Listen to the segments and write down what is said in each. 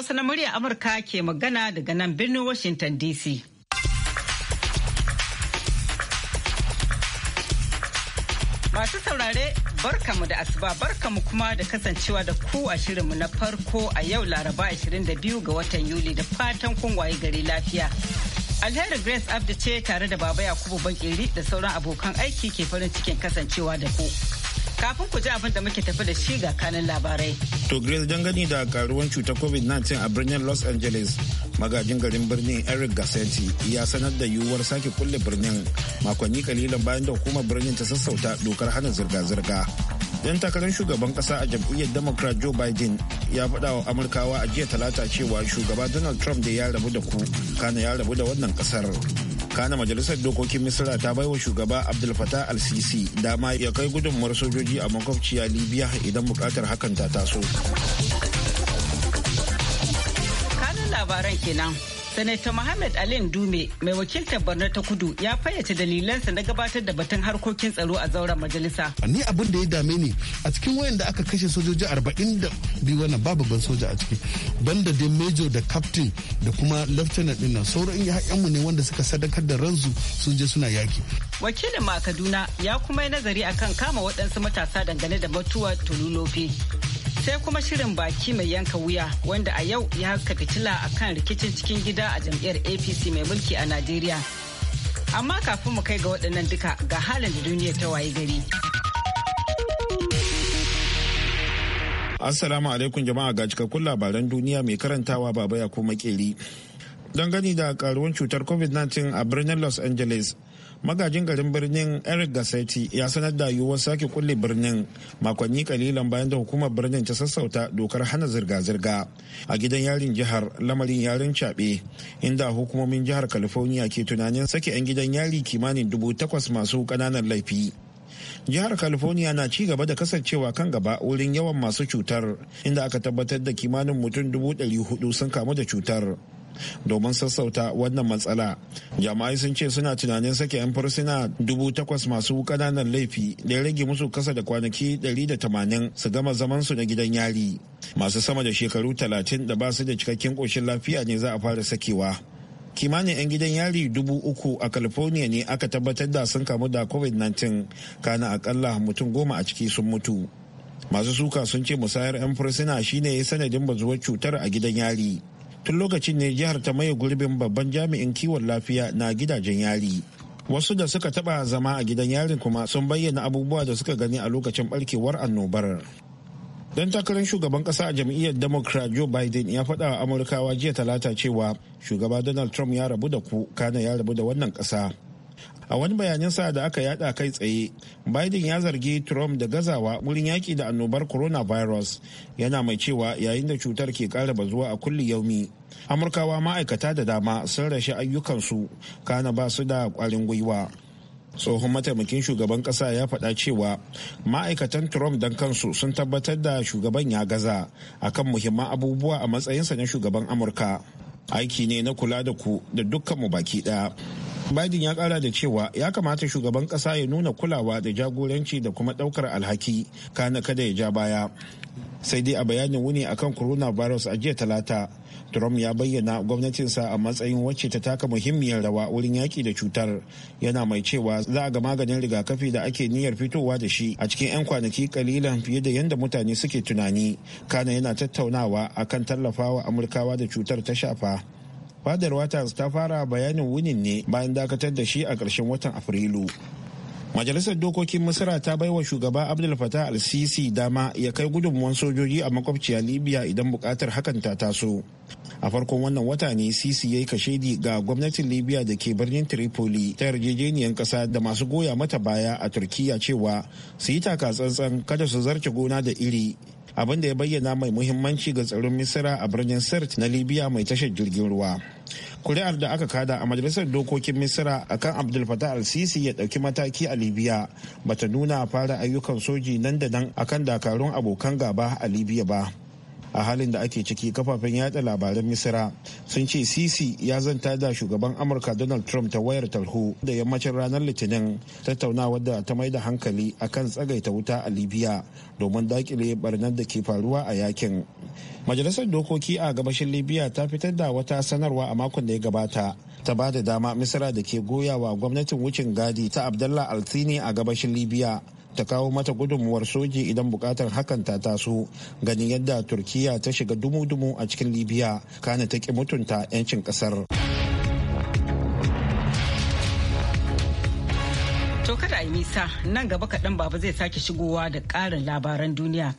Hausa na murya Amurka ke magana daga nan birnin Washington DC. Masu saurare barkamu da asuba barka mu kuma da kasancewa da ku a shirinmu na farko a yau Laraba 22 ga watan Yuli da fatan kun waye gari lafiya. Alheri Grace Abdi ce tare da Baba Yakubu bankiri da sauran abokan aiki ke farin cikin kasancewa da ku. Kafin ku ji abin da muke tafi da shi ga kanin labarai. To Grace gani da karuwan cutar COVID-19 a birnin Los Angeles, magajin garin birnin Eric Gassetti ya sanar da yiwuwar sake kulle birnin makonni kalilan bayan da hukumar birnin ta sassauta dokar hana zirga-zirga. Dan takarar shugaban kasa a jam'iyyar Democrat Joe Biden ya faɗa wa Amurkawa a jiya talata cewa shugaba Donald Trump da ya rabu da ku kana ya rabu da wannan kasar. kana majalisar dokokin misira ta baiwa shugaba abdul fatah al-sisi dama ya kai gudunmuwar sojoji a makwabciya libya idan bukatar hakan ta taso kanin labaran kenan Sanata Mohammed Alin Dume mai wakiltar Borno ta Kudu ya fayyace dalilansa na gabatar da batun harkokin tsaro a zauren majalisa. Ni abin da ya dame ni a cikin wayan da aka kashe sojoji arba'in da biyu wannan babu ban soja a ciki banda da major da captain da kuma lieutenant din nan sauran mu ne wanda suka sadakar da ransu sun je suna yaki. Wakilin ma Kaduna ya kuma yi nazari akan kama waɗansu matasa dangane da mutuwar Tolulofe. sai kuma shirin baki mai yanka wuya wanda a yau ya haka fitila a kan rikicin cikin gida a jam'iyyar apc mai mulki a najeriya amma kafin mu kai ga waɗannan duka ga halin da duniya ta waye gari assalamu alaikum jama'a ga cikakkun labaran duniya mai karantawa baba ya kuma dangane don gani da karuwan cutar covid-19 a birnin los angeles magajin garin birnin eric gasetti ya sanar da yiwuwar sake kulle birnin makonni kalilan bayan da hukumar birnin ta sassauta dokar hana zirga-zirga a gidan yarin jihar lamarin yarin caɓe inda hukumomin jihar california ke tunanin sake 'yan gidan yari kimanin dubu takwas masu kananan laifi jihar california na ci gaba da kasancewa kan gaba wurin yawan masu cutar inda aka tabbatar da kimanin mutum dubu ɗari hudu sun kamu da cutar domin sassauta wannan matsala jama'ai sun ce suna tunanin sake 'yan fursuna dubu takwas masu kananan laifi da ya rage musu kasa da kwanaki 180 su gama zaman su na gidan yari masu sama da shekaru 30 da ba su da cikakken koshin lafiya ne za a fara sakewa kimanin 'yan gidan yari dubu uku a california ne aka tabbatar da sun kamu da covid-19 kana akalla mutum goma a ciki sun mutu masu suka sun ce musayar 'yan fursuna shine sanadin bazuwar cutar a gidan yari tun lokacin ne jihar ta maye gurbin babban jami'in kiwon lafiya na gidajen yari wasu da suka taba zama a gidan yarin kuma sun bayyana abubuwa da suka gani a lokacin barkewar annobar dan takarar shugaban kasa a jam'iyyar democrat joe biden ya faɗa wa amurkawa jiya talata cewa shugaba donald trump ya rabu da ku kana ya rabu da wannan ƙasa a wani bayanin sa da aka yada kai tsaye biden ya zargi trump da gazawa wurin yaki da annobar coronavirus yana mai cewa yayin da cutar ke kara bazuwa a kulli yaumi amurkawa ma'aikata da dama sun rashi ayyukansu kana ba su da kwarin gwiwa tsohon mataimakin shugaban kasa ya faɗa cewa ma'aikatan trump don kansu sun tabbatar da shugaban ya gaza akan muhimman abubuwa a matsayinsa na shugaban amurka aiki ne na kula da ku da dukkanmu baki ɗaya biden ya kara da cewa ya kamata shugaban kasa ya nuna kulawa da jagoranci da kuma daukar alhaki kana kada ya ja baya sai dai a bayanin wuni akan coronavirus a jiya talata trump ya bayyana gwamnatinsa a matsayin wacce ta taka muhimmiyar rawa wurin yaki da cutar yana mai cewa za a ga maganin rigakafi da ake niyyar fitowa da shi a cikin 'yan kwanaki kalilan fiye da yadda mutane suke tunani kana yana tattaunawa akan tallafawa amurkawa da cutar ta shafa fadar waters ta fara bayanin wunin ne bayan dakatar da shi a ƙarshen watan afrilu majalisar dokokin misira ta baiwa shugaba abdul fatah al-sisi dama ya kai gudunmuwan sojoji a makwabciya libya idan bukatar hakan ta taso a farkon wannan wata ne sisi ya yi kashedi ga gwamnatin libya da ke birnin tripoli ta yarjejeniyar ƙasa da masu goya mata baya a turkiya cewa su yi taka tsantsan kada su zarce gona da iri abin da ya bayyana mai muhimmanci ga tsaron misira a birnin sirt na libya mai tashar jirgin ruwa kuri'ar da aka kada a majalisar dokokin misira akan abdul fatah al-sisi ya dauki mataki a libya bata nuna fara ayyukan soji nan da nan akan dakarun abokan gaba a libya ba a halin da ake ciki kafafen yada labaran misira sun ce sisi ya zanta da shugaban amurka donald trump ta wayar tarho da yammacin ranar litinin tattaunawar da ta mai da hankali akan tsagaita wuta a libya domin dakile barnar da ke faruwa a yakin majalisar dokoki a gabashin libya ta fitar da wata sanarwa a makon da ya gabata ta ba da dama misira da ke goyawa gwamnatin wucin gadi ta abdallah altini a gabashin libya ta kawo mata gudunmuwar soji idan bukatar hakan ta taso ganin yadda turkiya ta shiga dumu-dumu a cikin libya kana ta ki mutunta 'yancin kasar to kada nisa nan gaba kaɗan baba zai sake shigowa da ƙarin labaran duniya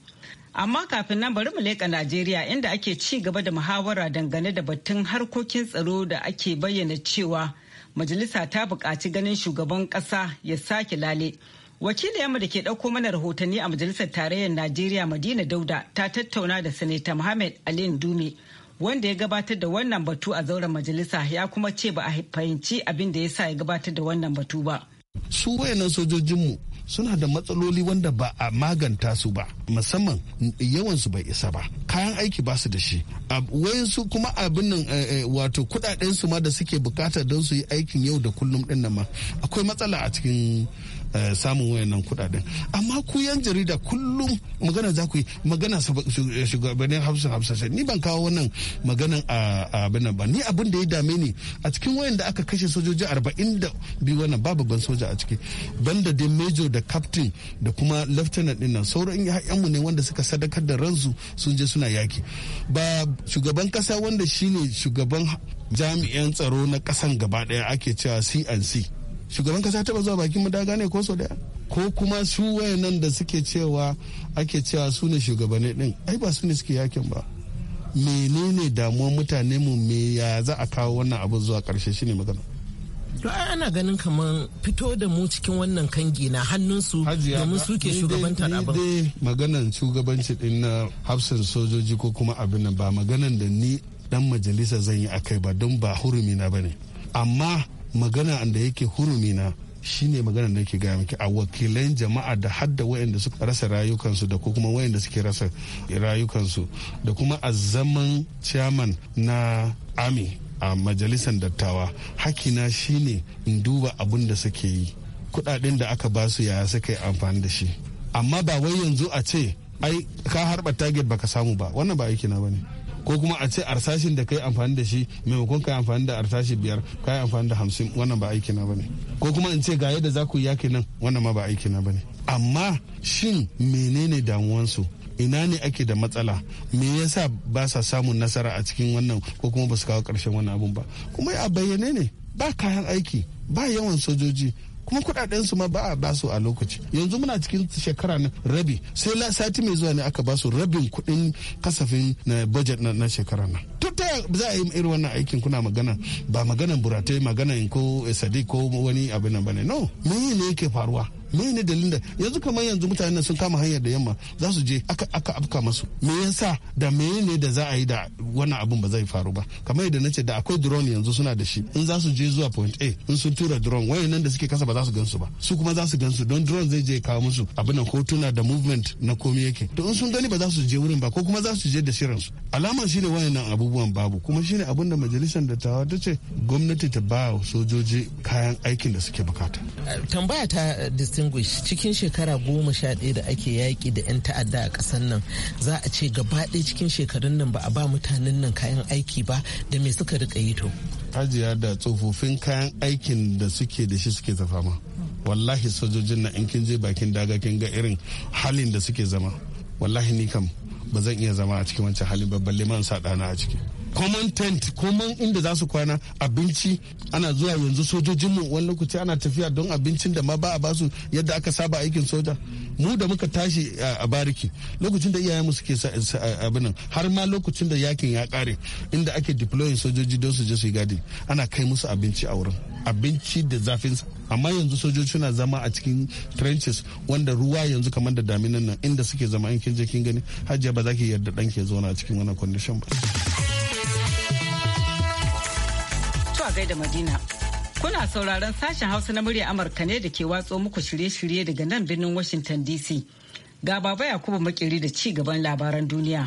amma kafin nan bari mu leƙa najeriya inda ake ci gaba da muhawara dangane da batun harkokin tsaro da ake bayyana cewa majalisa ta buƙaci ganin shugaban ƙasa ya sake lale Wakiliyarmu da ke ɗauko mana rahotanni a Majalisar Tarayyar Najeriya Madina Dauda ta tattauna da Sanata Muhammad Alin Dume wanda ya gabatar da wannan batu a zauren majalisa ya kuma ce ba a fahimci abin da ya sa ya gabatar da wannan batu ba. Su wayannan sojojinmu suna da matsaloli wanda ba a maganta su ba musamman yawansu bai isa ba kayan aiki ba su da shi su kuma abin nan eh, eh, wato kudaden su ma da suke bukata don su yi aikin yau da kullum din nan ma akwai matsala a cikin Eh, samun wayannan kudaden amma ku yan jarida kullum magana za ku yi magana eh, shugabannin hafsa hafsa ni ban kawo wannan maganan a abin ba ni abin da ya dame ni a cikin da aka kashe sojoji arba'in da biyu wannan ba babban soja a ciki banda da major da captain da kuma lieutenant din nan sauran mu ne wanda suka sadakar da ransu sun je suna yaki ba shugaban kasa wanda shine shugaban jami'an tsaro na kasan gaba daya ake cewa cnc shugaban kasa taba zuwa bakin madaga ne ko so daya ko kuma su wayannan da suke cewa ake cewa su ne shugabanni din ai ba su ne suke yakin ba menene damuwar mutane mu me ya za a kawo wannan abu zuwa karshe shine magana to ai ana ganin kamar fito da mu cikin wannan kangi na hannunsu domin su ke shugabantar abin dai maganan shugabanci din na hafsan sojoji ko kuma abin nan ba maganan da ni dan majalisa zan yi akai ba don ba hurumi na bane amma magana da yake hurumina shine magana da yake gaya miki a wakilan jama'a da hadda wayanda suka rasa rayukansu da kuma wayanda suke rasa rayukansu da kuma a zaman chairman na ami a majalisar dattawa hakina shine in duba abin da suke yi kudaden da aka ba su yaya suka yi amfani da shi amma ba wai yanzu a ce ai ka harba target baka samu ba wannan ba aiki na bane ko kuma a ce arsashin da kai amfani da shi maimakon kai amfani da arsashi biyar kai amfani da hamsin wannan ba aiki na bane ko kuma in ce ga yadda za ku yaki nan wannan ma ba aiki na bane amma shin menene damuwansu ina ne ake da matsala me yasa ba sa samun nasara a cikin wannan ko kuma ba su kawo karshen wannan abun ba kuma a bayyane ne ba kayan aiki ba yawan sojoji kuma kudaden su ma ba a basu a lokaci yanzu muna cikin shekara na rabi sai la sati mai zuwa ne aka basu rabin kudin kasafin na budget na, na shekara nan tutta za a yi irin wannan aikin kuna magana ba maganan buratai maganan ko sadi ko wani abin nan bane no me ne yake faruwa me ne dalilin da yanzu kamar yanzu mutanen sun kama hanyar da yamma za su je aka aka afka masu me yasa da me ne da za a yi da wannan abun ba zai faru ba kamar yadda nace da akwai drone yanzu suna da shi in za su je zuwa point A in sun tura drone nan da suke kasa ba za su gansu ba su kuma za su gansu don drone zai je kawo musu abin nan hotuna da movement na komai yake to in sun gani ba za su je wurin ba ko kuma za su je da su alaman shine nan abubuwan babu kuma shine abin da majalisar tawa ta ce gwamnati ta ba sojoji kayan aikin da suke bukata tambaya ta extinguish cikin shekara goma sha ɗaya da ake yaƙi da 'yan ta'adda a ƙasar nan za a ce gaba ɗaya cikin shekarun nan ba a ba mutanen nan kayan aiki ba da me suka rika yi to. Hajiya da tsofaffin kayan aikin da suke da shi suke zafa fama. Wallahi sojojin na in kin je bakin daga kin ga irin halin da suke zama. Wallahi ni kam ba zan iya zama a cikin wancan halin ba balle man sa ɗana a ciki. common tent common inda za su kwana abinci ana zuwa yanzu sojojinmu wani lokaci ana tafiya don abincin da ma ba a basu yadda aka saba aikin soja mu da muka tashi a bariki lokacin da iyayen mu suke abinan har ma lokacin da yakin ya kare inda ake deploying sojoji don su je su yi gadi ana kai musu abinci a wurin abinci da zafin amma yanzu sojoji suna zama a cikin trenches wanda ruwa yanzu kamar da daminan nan inda suke zama in kin je kin gani hajiya ba za ki yarda dan ke zauna a cikin wannan condition ba gaida Madina. Kuna sauraron sashen Hausa na murya Amurka ne da ke watso muku shirye-shirye daga nan birnin Washington DC. Ga baba Yakubu makiri da ci gaban labaran duniya.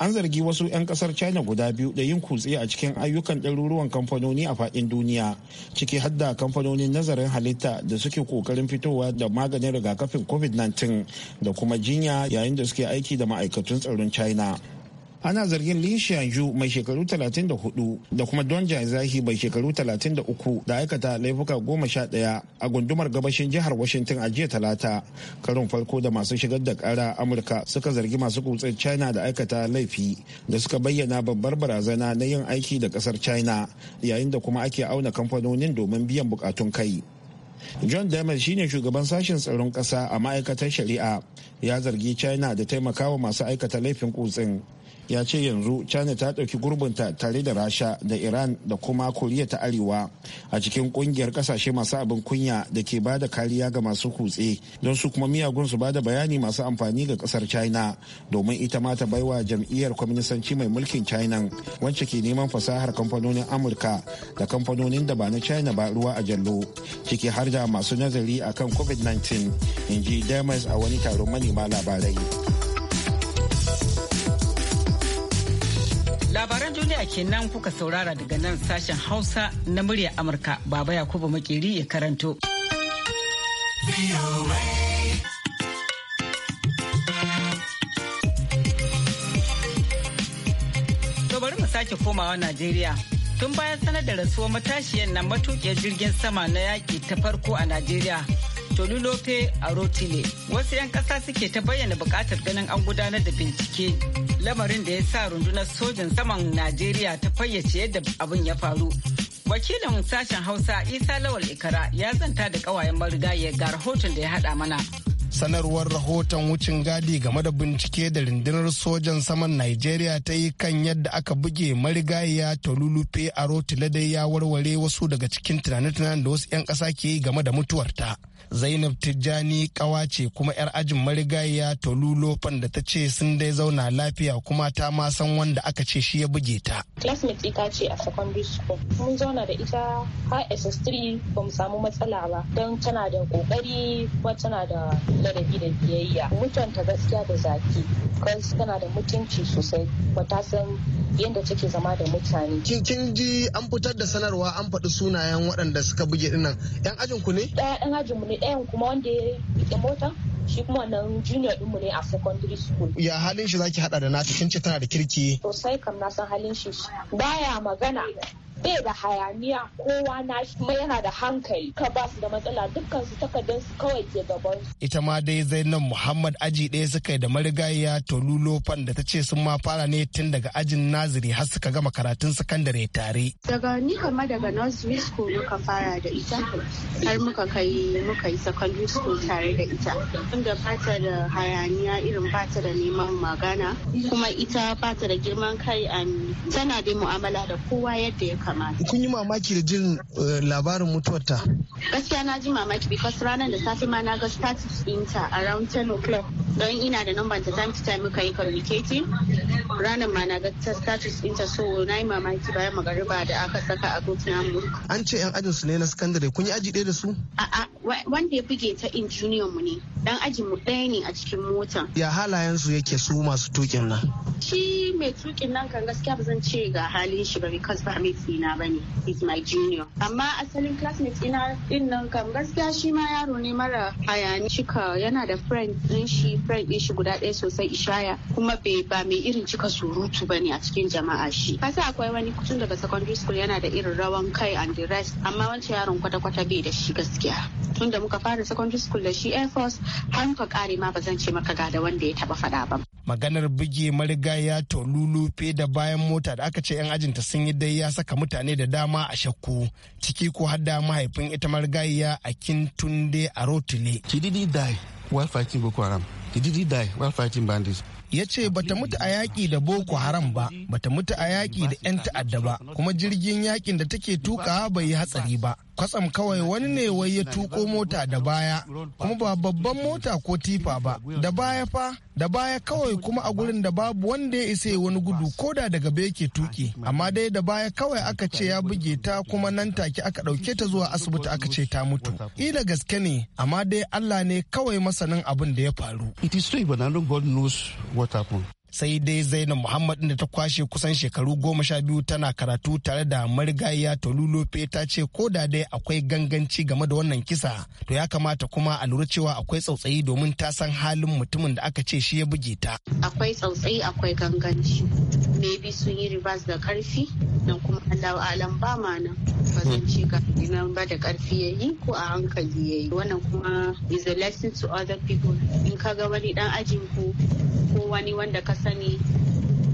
An zargi wasu 'yan kasar China guda biyu da yin kutse a cikin ayyukan ɗaruruwan kamfanoni a faɗin duniya, ciki hadda kamfanonin nazarin halitta da suke kokarin fitowa da maganin rigakafin COVID-19 da kuma jinya yayin da suke aiki da ma'aikatun tsaron China. ana zargin Lin Xianju mai shekaru 34 da kuma Don Zahi mai shekaru 33 da aikata laifuka goma sha ɗaya a gundumar gabashin jihar Washington a jiya talata. Karin farko da masu shigar da kara Amurka suka zargi masu kutsar China da aikata laifi da suka bayyana babbar barazana na yin aiki da kasar China yayin da kuma ake auna kamfanonin domin biyan bukatun kai. john damar shine shugaban sashen tsaron ƙasa a ma'aikatar shari'a ya zargi china da taimakawa masu aikata laifin kutsin ya ce yanzu china ta ɗauki gurbinta tare da rasha da iran da kuma koriya ta arewa a cikin kungiyar kasashe masu abin kunya da ke ba da kariya ga masu kutse don su kuma miyagun su ba da bayani masu amfani ga kasar china domin ita ma ta baiwa jam'iyyar kwaminisanci mai mulkin china wacce ke neman fasahar kamfanonin amurka da kamfanonin da ba na china ba ruwa a jallo ciki har da masu nazari akan covid-19 in ji a wani taron manema labarai. Labaran duniya kenan kuka saurara daga nan sashen Hausa na murya Amurka Baba Yakubu Makeri ya karanto. To bari mu sake komawa Najeriya. Tun bayan sanar da rasuwar matashiyan nan matukiyar jirgin sama na yaƙi ta farko a Najeriya a rotile Wasu 'yan ƙasa suke ta bayyana bukatar ganin an gudanar da bincike lamarin da ya sa rundunar sojan saman Najeriya ta fayyace yadda abin ya faru. Wakilin sashen Hausa Isa Lawal Ikara ya zanta da ƙawayen marigayi ga rahoton da ya haɗa mana. sanarwar rahoton wucin gadi game da bincike da rundunar sojan saman Najeriya ta yi kan yadda aka buge marigayiya a rotile dai ya warware wasu daga cikin tunane tunane da wasu 'yan ƙasa ke yi game da mutuwarta. zainab tijjani kawa ce kuma 'yar ajin marigayya tolu lofan da ta ce sun dai zauna lafiya kuma ta ma san wanda aka ce shi ya buge ta classmate ita ce a secondary school mun zauna da ita har ss3 ba mu samu matsala ba don tana da kokari kuma tana da ladabi da biyayya mutunta gaskiya da zaki because tana da mutunci sosai ba ta san yadda take zama da mutane kin ji an fitar da sanarwa an faɗi sunayen waɗanda suka buge dinnan yan ajin ku ne ɗaya ɗan ajin ne ɗayan kuma wanda ya rike motan shi kuma nan junior ɗinmu ne a secondary school. Ya halin shi zaki hada da nata kin ce tana da kirki. Sosai kam na san halin shi. Baya magana bai da hayaniya kowa na kuma yana da hankali ka ba su da matsala dukkan su takardun su kawai ke gaban su. ita ma dai zainab muhammad aji ɗaya suka yi da marigayya tolulo fan da ta ce sun ma fara ne tun daga ajin naziri har suka gama karatun sakandare tare. daga ni kama daga nursery school muka fara da ita har muka kai muka yi secondary school tare da ita wanda bata da hayaniya irin bata da neman magana kuma ita bata da girman kai tana da mu'amala da kowa yadda ya kama. kamata. Kun yi mamaki da jin eh, labarin mutuwarta? Gaskiya na ji mamaki because ranar da safe ma na ga status ɗinta around 10 o'clock don ina da number ta time to time muka yi communicating ranar ma na ga status ɗinta so na yi mamaki bayan magariba da aka saka a group namu. An ce 'yan ajin su ne na sakandare, kun yi aji ɗaya da su? A'a wanda ya buge ta in mu ne dan ajin mu ɗaya ne a cikin mota. Ya halayen su yake su masu tukin nan? Shi mai tukin nan kan gaskiya ba zan ce ga halin shi ba because ba mai na bane is my junior amma asalin classmate ina din nan kam gaskiya shi ma yaro ne mara hayani cika yana da friend din shi friend din shi guda ɗaya sosai ishaya kuma bai ba mai irin cika surutu bane a cikin jama'a shi kasa akwai wani tun daga secondary school yana da irin rawan kai and the rest amma wancan yaron kwata-kwata bai da shi gaskiya tun da muka fara secondary school da shi air force har muka kare ma ba zan ce maka ga da wanda ya taɓa faɗa ba maganar buge marigaya tolulufe da bayan mota da aka ce 'yan ajinta sun yi dai ya saka mutane da dama a shakku ciki ko har da mahaifin ita marigaya a kintunde a rotule ya ce bata mutu a yaƙi da boko haram ba bata mutu a yaƙi da 'yan ta'adda ba kuma jirgin yaƙin da take tuka bai yi hatsari ba kwatsam kawai wani ne wai ya tuko mota da baya kuma ba babban mota ko tifa ba da baya fa da baya kawai kuma a gurin da babu wanda ya isa wani gudu ko da daga be ke tuki amma dai da baya kawai aka ce ya buge ta kuma nan take aka ɗauke ta zuwa asibiti aka ce ta mutu ila gaske ne amma dai Allah ne kawai masanin abin da ya faru it is true but i don't god knows what happened sai dai zainab muhammad da ta kwashe kusan shekaru goma sha biyu tana karatu tare da marigayya tolulope ta ce ko da dai akwai ganganci game da wannan kisa to ya kamata kuma a lura cewa akwai tsautsayi domin ta san halin mutumin da aka ce shi ya buge ta akwai tsautsayi akwai ganganci maybe sun yi ribas da karfi don kuma wallahu alam ba ma nan bazan zan hmm. ce ga nan ba da karfi yayi ko a hankali yayi wannan kuma is a lesson to other people in ka ga wani dan ajin ku ko wani wanda ka sani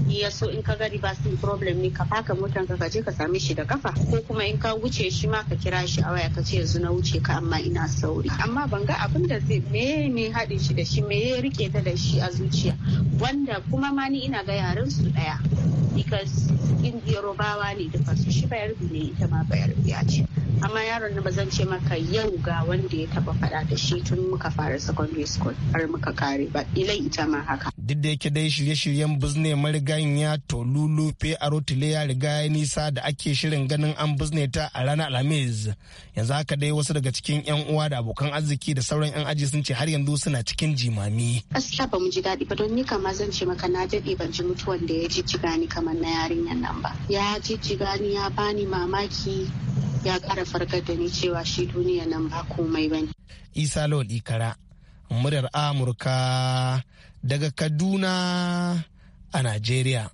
in ya so in ka ga sun problem ne ka faka motar ka je ka same shi da kafa ko kuma in ka wuce shi ma ka kira shi a waya ka ce yanzu na wuce ka amma ina sauri amma ban ga abin da zai me ne haɗe shi da shi me ya rike ta da shi a zuciya wanda kuma ma ni ina ga yaren su daya because in yorubawa ne duka su shi bayar ne ita ma bayar biya ce amma yaron na ba zan ce maka yau ga wanda ya taɓa faɗa da shi tun muka fara secondary school har muka kare ba ilai ita ma haka duk da yake dai shirye-shiryen bizne mariga sanya ya tolulufe a rotile ya riga ya nisa da ake shirin ganin an bizne ta a ranar alhamis yanzu haka dai wasu daga cikin yan uwa da abokan arziki da sauran yan aji sun ce har yanzu suna cikin jimami gaskiya ba mu ji daɗi ba don ni kama zan ce maka na daɗe ban ji mutuwan da ya jijjiga ni kamar na yarinyar nan ba ya jijjiga ni ya bani mamaki ya ƙara farkar da ni cewa shi duniya nan ba komai ba ne. isa lawal ikara muryar amurka daga kaduna a Najeriya.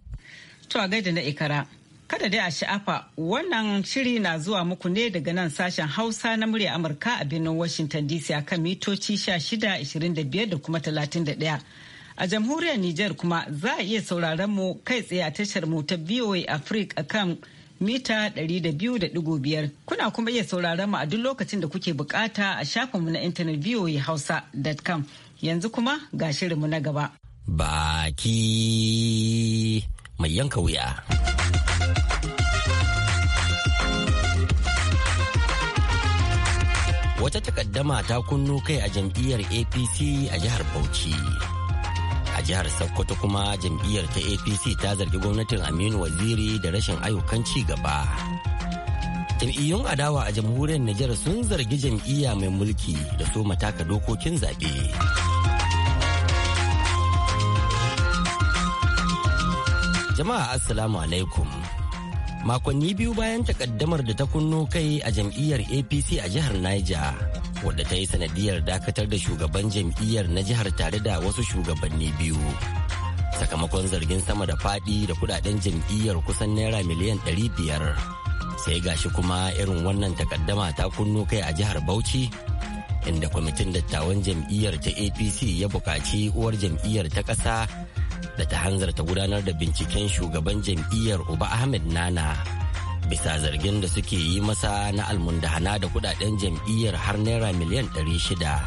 To a gaida na ikara. Kada dai a sha'afa wannan shiri na zuwa muku ne daga nan sashen Hausa na murya Amurka a birnin Washington DC a kan mitoci shida 25 da kuma 31. A jamhuriyar Nijar kuma za a iya sauraron mu kai tsaye a tashar mu ta VOA Africa kan mita biyar. Kuna kuma iya sauraron mu a duk lokacin da kuke bukata a mu na intanet voahausa.com. Yanzu kuma ga shirin mu na gaba. baki mai yanka wuya. Wata takaddama ta kunno kai a jam'iyyar APC a jihar Bauchi. A jihar Sokoto kuma jam'iyyar ta APC ta zargi gwamnatin Aminu Waziri da rashin ayyukan ci gaba. Jam'iyyun adawa a jamhuriyar Nijar sun zargi jam'iyya mai mulki da so mataka dokokin zaɓe. Jama'a Assalamu alaikum. Makonni biyu bayan takaddamar da ta kunno kai a jam'iyyar APC a jihar Niger, wadda ta yi sanadiyar dakatar da shugaban jam'iyyar na jihar tare da wasu shugabanni biyu. Sakamakon zargin sama da faɗi da kudaden jam'iyyar kusan naira miliyan ɗari biyar. Sai gashi kuma irin wannan takaddama ta kunno kai a jihar Bauchi inda kwamitin dattawan jam'iyyar ta apc ya buƙaci uwar jam'iyyar ta ƙasa da ta hanzarta gudanar da binciken shugaban jam'iyyar uba ahmed nana bisa zargin da suke yi masa na almundahana da kudaden jam'iyyar har naira miliyan 600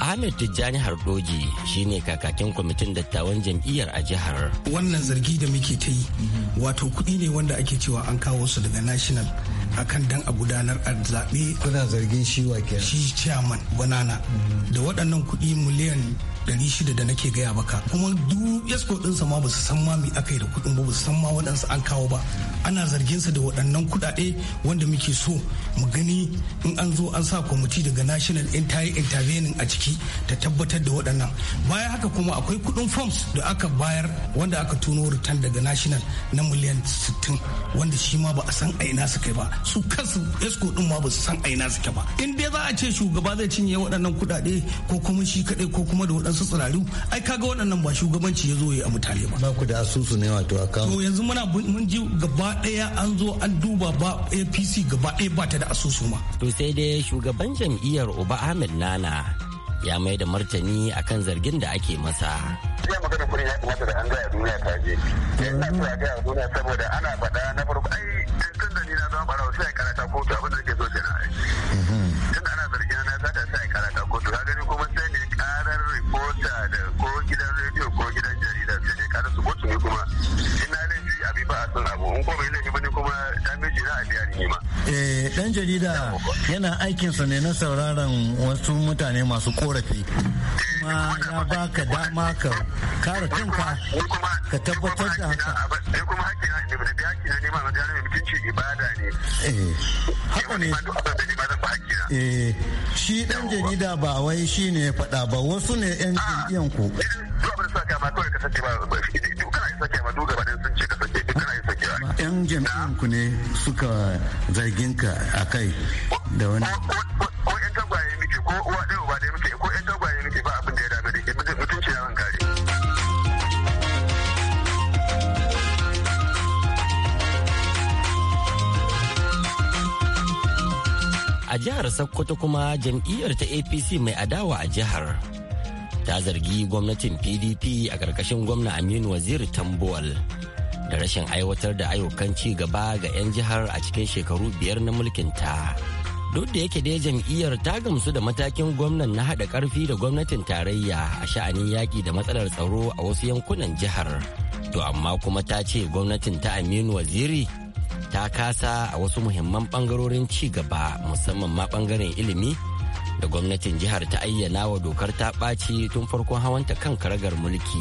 ahmed tijjani hardoji shine kakakin kwamitin dattawan jam'iyyar a jihar wannan zargi da muke ta yi wato kuɗi ne wanda ake cewa an kawo su daga national akan dan a gudanar a zaɓe kuna zargin shi wa shi chairman banana da waɗannan kuɗi miliyan dari shida da nake gaya maka kuma duk esco ɗinsa ma ba su san ma mi aka yi da kuɗin ba ba su san ma waɗansu an kawo ba ana zargin sa da waɗannan kuɗaɗe wanda muke so mu gani in an zo an sa kwamiti daga national intervening a ciki ta tabbatar da waɗannan bayan haka kuma akwai kuɗin forms da aka bayar wanda aka tuno return daga national na miliyan 60 wanda shi ma ba a san a ina suka ba su kansu yasko din ma ba su san a ina suka ba in dai za a ce shugaba zai cinye waɗannan kuɗaɗe ko kuma shi kaɗai ko kuma da waɗansu su tsirari ai kaga waɗannan ba shugabanci ya zo yi a mutane ba. Ba ku da asusu ne wato account. To yanzu muna mun ji gaba ɗaya an zo an duba ba APC gaba ɗaya ba ta da asusu ma. To sai dai shugaban jam'iyyar Uba Ahmed Nana ya mai da martani akan zargin da ake masa. Zai magana kuri ya kamata da an gaya duniya ta je. Ina so a gaya duniya saboda ana faɗa na farko ai tun da ni na zama ɓarawo sai karata kotu abin da yake so kenan. Mhm. Tun ana zargin na zata sai karata kotu ka gani Ko mota da ko gidan rediyo ko gidan jarida sai dai kada su mutu ne kuma ina ne laifi abi ba a san abu in ko bai laifi ba ne kuma damiji na a biya ni ma. eh dan jarida yana aikinsa ne na sauraron wasu mutane masu korafi. eh kuma ya baka dama ka kare kanka ka tabbatar da haka kuma na da mutunci ne eh, haka ne eh shi dan jarida ba wai shi ne ya faɗa ba wasu ne yan ah, jam'iyyan ku yan jam'iyyan ku ne suka zargin ka a kai da wani ko yan tagwaye muke ko uwa jihar Sokoto kuma jam'iyyar ta APC mai adawa a jihar ta zargi gwamnatin PDP a ƙarƙashin gwamna Aminu Waziri Tambuwal da rashin aiwatar da ayyukan ci gaba ga 'yan jihar a cikin shekaru biyar na mulkin ta Duk da yake dai jam'iyyar ta gamsu da matakin gwamnan na haɗa ƙarfi da gwamnatin tarayya a sha'anin yaƙi da matsalar tsaro a wasu yankunan jihar. To amma kuma ta ce gwamnatin ta Aminu Waziri ta kasa a wasu muhimman bangarorin ci gaba musamman ma bangaren ilimi da gwamnatin jihar ta ayyana wa dokar ta ɓaci tun farkon hawanta kan karagar mulki.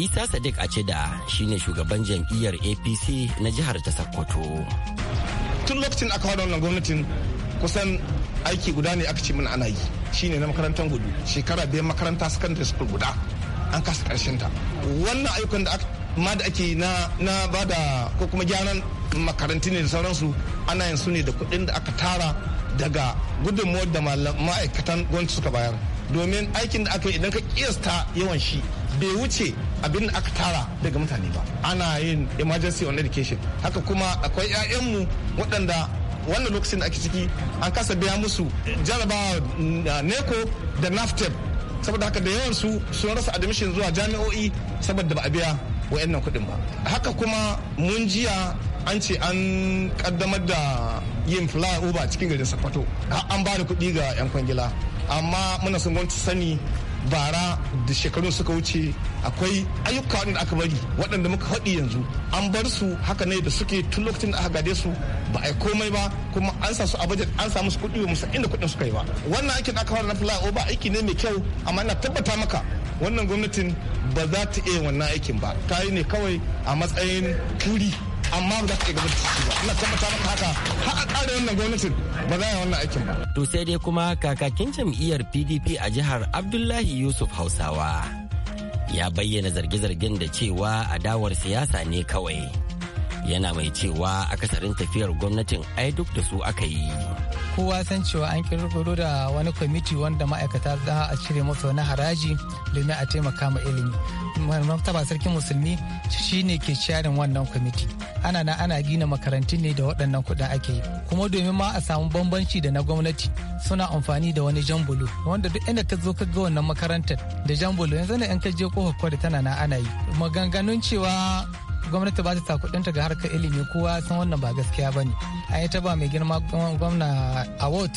isa sadiq a cida shine shugaban jam'iyyar apc na jihar ta sokoto tun lokacin aka hada wannan gwamnatin kusan aiki guda ne aka ce mana ana yi shine na makarantar gudu shekara biyan makaranta secondary school guda an kasa karshen ta wannan ayyukan da aka ma da ake na ba da ko kuma gyaran makarantu ne da sauransu ana yin su ne da kuɗin da aka tara daga gudunmuwar da ma'aikatan gwamnati suka bayar domin aikin da aka yi idan ka kiyasta yawan shi bai wuce abin da aka tara daga mutane ba ana yin emergency on education haka kuma akwai 'ya'yanmu waɗanda wannan lokacin da ake ciki an kasa biya musu jarabawa mm, neko da naftep saboda haka da yawan su sun rasa admission zuwa jami'o'i saboda ba a biya wayannan kuɗin ba haka kuma mun jiya an ce an kaddamar da yin flyover cikin garin sakwato an ba da kuɗi ga 'yan kwangila amma muna sun gwamnati sani bara da shekarun suka wuce akwai ayyuka waɗanda aka bari waɗanda muka faɗi yanzu an bar su haka ne da suke tun lokacin da aka gade su ba a komai ba kuma an sa su a bajet an samu su kuɗi wa musa inda kuɗin suka yi ba wannan aikin aka fara na fila ba aiki ne mai kyau amma ina tabbata maka wannan gwamnatin ba za ta iya wannan aikin ba ta yi ne kawai a matsayin turi amma ba za ta iya gaba da ba ina tabbata maka haka har a ƙara wannan gwamnatin ba za a yi wannan aikin ba. to sai dai kuma kakakin jam'iyyar pdp a jihar abdullahi yusuf hausawa ya bayyana zarge-zargen da cewa adawar siyasa ne kawai yana mai cewa akasarin tafiyar gwamnatin ai duk da su aka yi. kowa san cewa an kirkiro da wani kwamiti wanda ma'aikata za a cire masa wani haraji domin a taimaka ma ilimi martaba sarkin musulmi shi ne ke sharin wannan kwamiti ana na ana gina makarantun ne da waɗannan kuɗin ake yi kuma domin ma a samu bambanci da na gwamnati suna amfani da wani jambulo wanda duk inda ka zo ka ga wannan makarantar da jambulo yanzu ne in ka je kofar kwari tana na ana yi maganganun cewa gwamnati ba ta takudinta ga harkar ilimi kowa san wannan ba gaskiya ba ne a ta ba mai girma gwamna award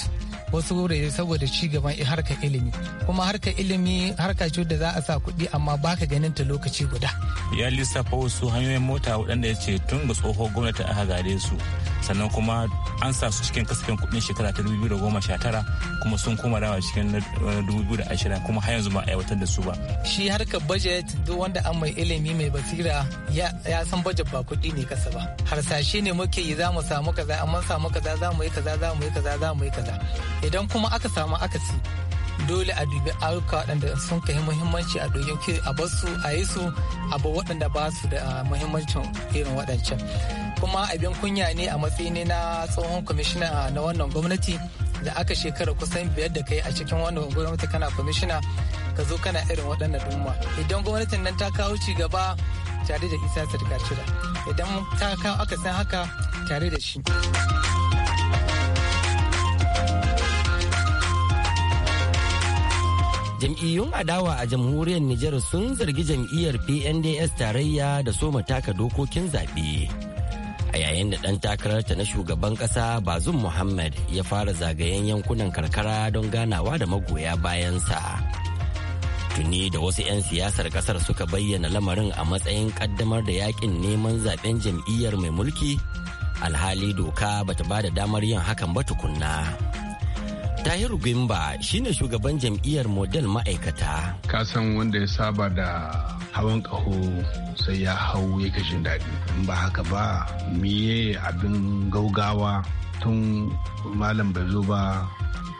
wasu wurare saboda ci gaban harkar ilimi kuma harkar ilimi harka ce da za a sa kuɗi amma baka ganin ta lokaci guda ya lissafa wasu hanyoyin mota waɗanda ya ce tun ga tsoho gwamnati aka gare su sannan kuma an sa su cikin kasafin kuɗin shekara ta dubu da goma sha tara kuma sun koma dawa cikin eh, dubu biyu da ashirin kuma har yanzu ba a aiwatar da su ba shi harkar budget duk wanda an mai ilimi mai basira ya san budget ba kuɗi ne kasa ba harsashe ne muke yi za mu samu kaza amma samu kaza za mu yi kaza za mu yi kaza za mu yi kaza idan kuma aka samu akasi dole a dubi ayyuka waɗanda sun kai muhimmanci a doki a basu a yi su abu waɗanda ba su da ah, muhimmancin irin waɗancan kuma abin kunya ne a matsayi ne na tsohon kwamishina na wannan gwamnati da aka shekara kusan biyar da kai a cikin wannan gwamnati kana kwamishina ka zo kana irin waɗannan dumma idan gwamnatin nan ta kawo ci gaba tare da isa sarkacira idan ta kawo aka san haka tare da shi. jam'iyyun adawa a jamhuriyar Nijar sun zargi jam'iyyar PNDS tarayya da so taka dokokin zaɓe. A yayin da ɗan takararta na shugaban ƙasa Bazum Muhammad ya fara zagayen yankunan karkara don ganawa da magoya bayansa. Tuni da wasu 'yan siyasar ƙasar suka bayyana lamarin a matsayin ƙaddamar da yakin neman zaɓen jam'iyyar mai mulki, alhali doka bata ba da damar yin hakan ba tukunna. Tahiru Gwimba shine shugaban jam'iyyar Model Ma'aikata. Ka san wanda ya saba da hawan ƙaho sai ya hau ya kashe daɗi. ba haka ba, miye abin gaugawa tun malam bai zo ba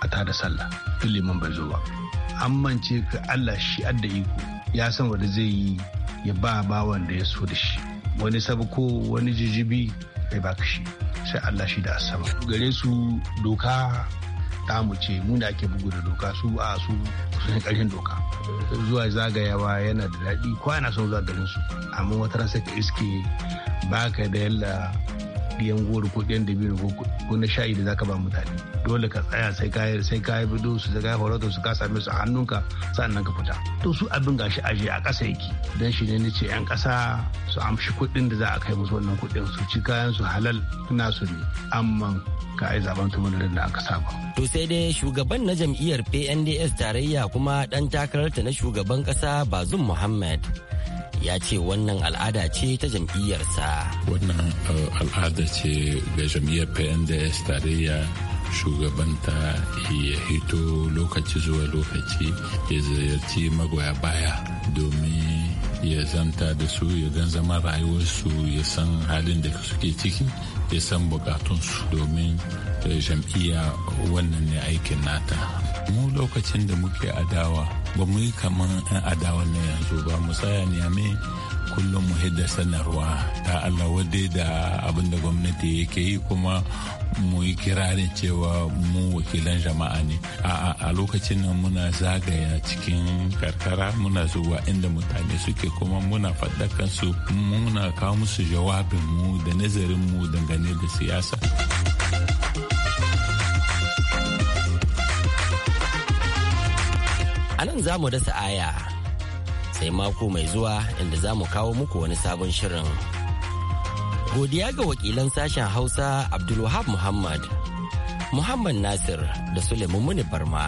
a tada sallah, filimin bai zo ba. Ammance ka Allah shi adda iko ya san wanda zai yi ya ba bawan da ya so da shi. Wani ko wani jijibi bai baka shi sai Allah shi da asama. Gare su doka mu ce mu da ake bugu da doka su a su sun karshen doka zuwa zagayawa yana da daɗi kwana yana son zuwa garin amma wata ran sai ka iske baka da yalla biyan goro ko ɗiyan dabino ko na shayi da zaka ba mutane dole ka tsaya sai ka sai ka bido su sai horo horata su ka same su a hannunka sannan ka fita to su abin gashi aje a ƙasa yake dan shi ne nace yan ƙasa su amshi kuɗin da za a kai musu wannan kuɗin su ci kayan su halal ina su ne amma ka ai zaben tumarin da aka saba to sai dai shugaban na jam'iyyar PNDS tarayya kuma dan takararta na shugaban ƙasa Bazum Muhammad ya ce wannan al'ada ce ta jam'iyyarsa. Wannan eh, al'ada ce ga jam'iyyar PNDS tarayya shugabanta ya hito lokaci zuwa lokaci ya ziyarci magoya baya domin ya zanta da su ya gan zama rayuwarsu ya san halin da suke ciki ya san bukatunsu domin eh, jam'iyya wannan ne aikin nata mu lokacin da muke adawa ba mu yi kamar 'yan adawa na yanzu ba mu tsaya niyame kullum mu hidda sanarwa ta Allah wadda da abin da gwamnati yake yi kuma mu yi kirarin cewa mu wakilan jama'a ne a lokacin nan muna zagaya cikin karkara muna zuwa inda mutane suke kuma muna su muna kawo musu jawabin mu da nazarin mu dangane da siyasa. nan za mu dasa aya sai mako mai zuwa inda za mu kawo muku wani sabon shirin. Godiya ga wakilan sashen Hausa Abdulwahab Muhammad, Muhammad Nasir da Suleiman Muni Barma.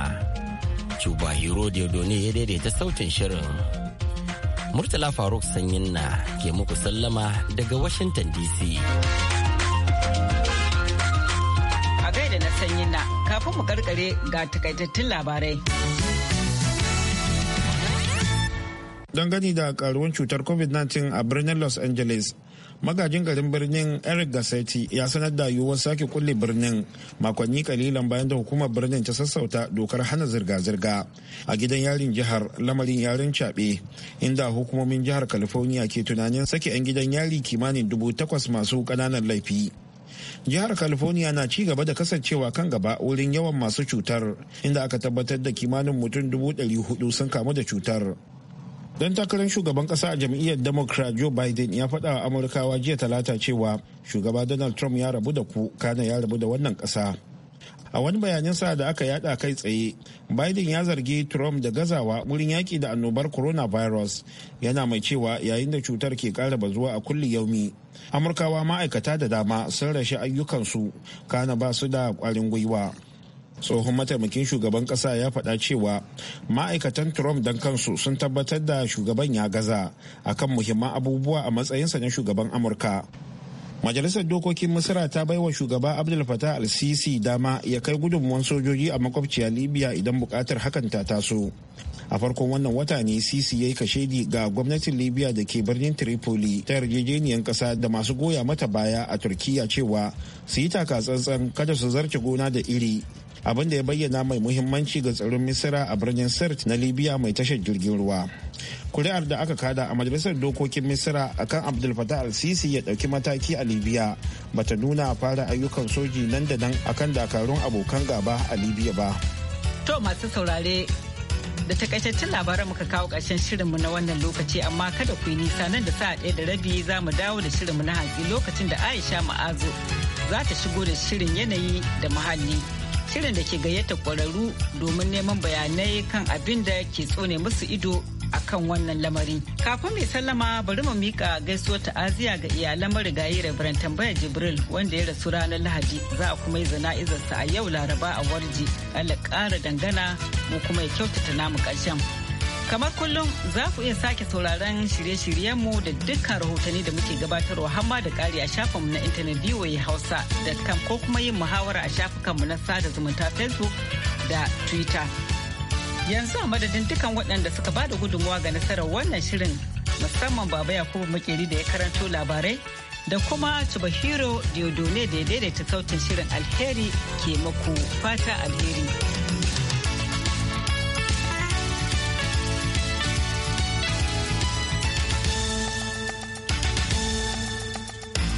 Cuba Hero Diodone ya daidaita sautin shirin. Murtala Faruk Sanyin na ke muku sallama daga Washington DC. A gaida na Sanyin na kafin mu karkare ga takaitattun labarai. don gani da karuwan cutar covid-19 a birnin los angeles magajin garin birnin eric gassetti ya sanar da yiwuwar sake kulle birnin makonni kalilan bayan da hukumar birnin ta sassauta dokar hana zirga-zirga a gidan yarin jihar lamarin yarin caɓe inda hukumomin jihar california ke tunanin sake 'yan gidan yari kimanin dubu takwas masu kananan laifi jihar california na ci gaba da kasancewa kan gaba wurin yawan masu cutar inda aka tabbatar da kimanin mutum dubu ɗari hudu sun kamu da cutar don takarar shugaban kasa a jam'iyyar democrat joe biden ya faɗa wa amurkawa jiya talata cewa shugaba donald trump ya rabu da ku kana ya rabu da wannan ƙasa a wani bayaninsa da aka yada kai tsaye biden ya zargi trump da gazawa wurin yaki da annobar coronavirus yana mai cewa yayin da cutar ke ƙara bazuwa a kulli yaumi amurkawa ma'aikata da dama sun rashe ayyukansu kana ba su da kwarin gwiwa tsohon mataimakin shugaban kasa ya faɗa cewa ma'aikatan trump don kansu sun tabbatar da shugaban ya gaza akan muhimman abubuwa a matsayinsa na shugaban amurka majalisar dokokin misira ta baiwa shugaba abdul fatah al-sisi dama ya kai gudunmuwan sojoji a makwabciya libya idan bukatar hakan ta taso a farkon wannan wata ne sisi ya yi kashedi ga gwamnatin libya da ke birnin tripoli ta yarjejeniyar kasa da masu goya mata baya a turkiya cewa su yi taka tsantsan kada su zarce gona da iri abin da ya bayyana mai muhimmanci ga tsaron misira a birnin sirt na libya mai tashar jirgin ruwa kuri'ar da aka kada a majalisar dokokin misira akan abdul fatah al-sisi ya dauki mataki a libya bata nuna fara ayyukan soji nan da nan akan dakarun abokan gaba a libya ba to masu saurare da takaitaccen labaran muka kawo ƙarshen shirinmu na wannan lokaci amma kada ku yi nisa nan da sa'a ɗaya da rabi za mu dawo da shirinmu na hantsi lokacin da aisha ma'azu za ta shigo da shirin yanayi da muhalli. shirin da ke gayyata kwararru domin neman bayanai kan abin da ke tsone musu ido a kan wannan lamari. Kafin mai sallama bari mu mika gaisuwa ta'aziya ga iyalan marigayi Reverend Tambaya Jibril wanda ya rasu ranar Lahadi za a kuma yi zana'izarsa a yau Laraba a Warji. Allah ƙara dangana mu kuma ya kyautata namu ƙarshen. Kamar kullum za ku iya sake sauraron shirye-shiryenmu da dukkan rahotanni da muke gabatarwa hamma da ƙari a shafinmu na intanet hausa da kam ko kuma yin muhawara a shafukanmu na sada zumunta Facebook da Twitter. Yanzu a madadin dukkan waɗanda suka bada gudunmawa ga nasarar wannan shirin musamman Baba Yakubu Makeri da ya karanto labarai da kuma Chubahiro Diodone da ya daidaita sautin shirin alheri ke maku fata alheri.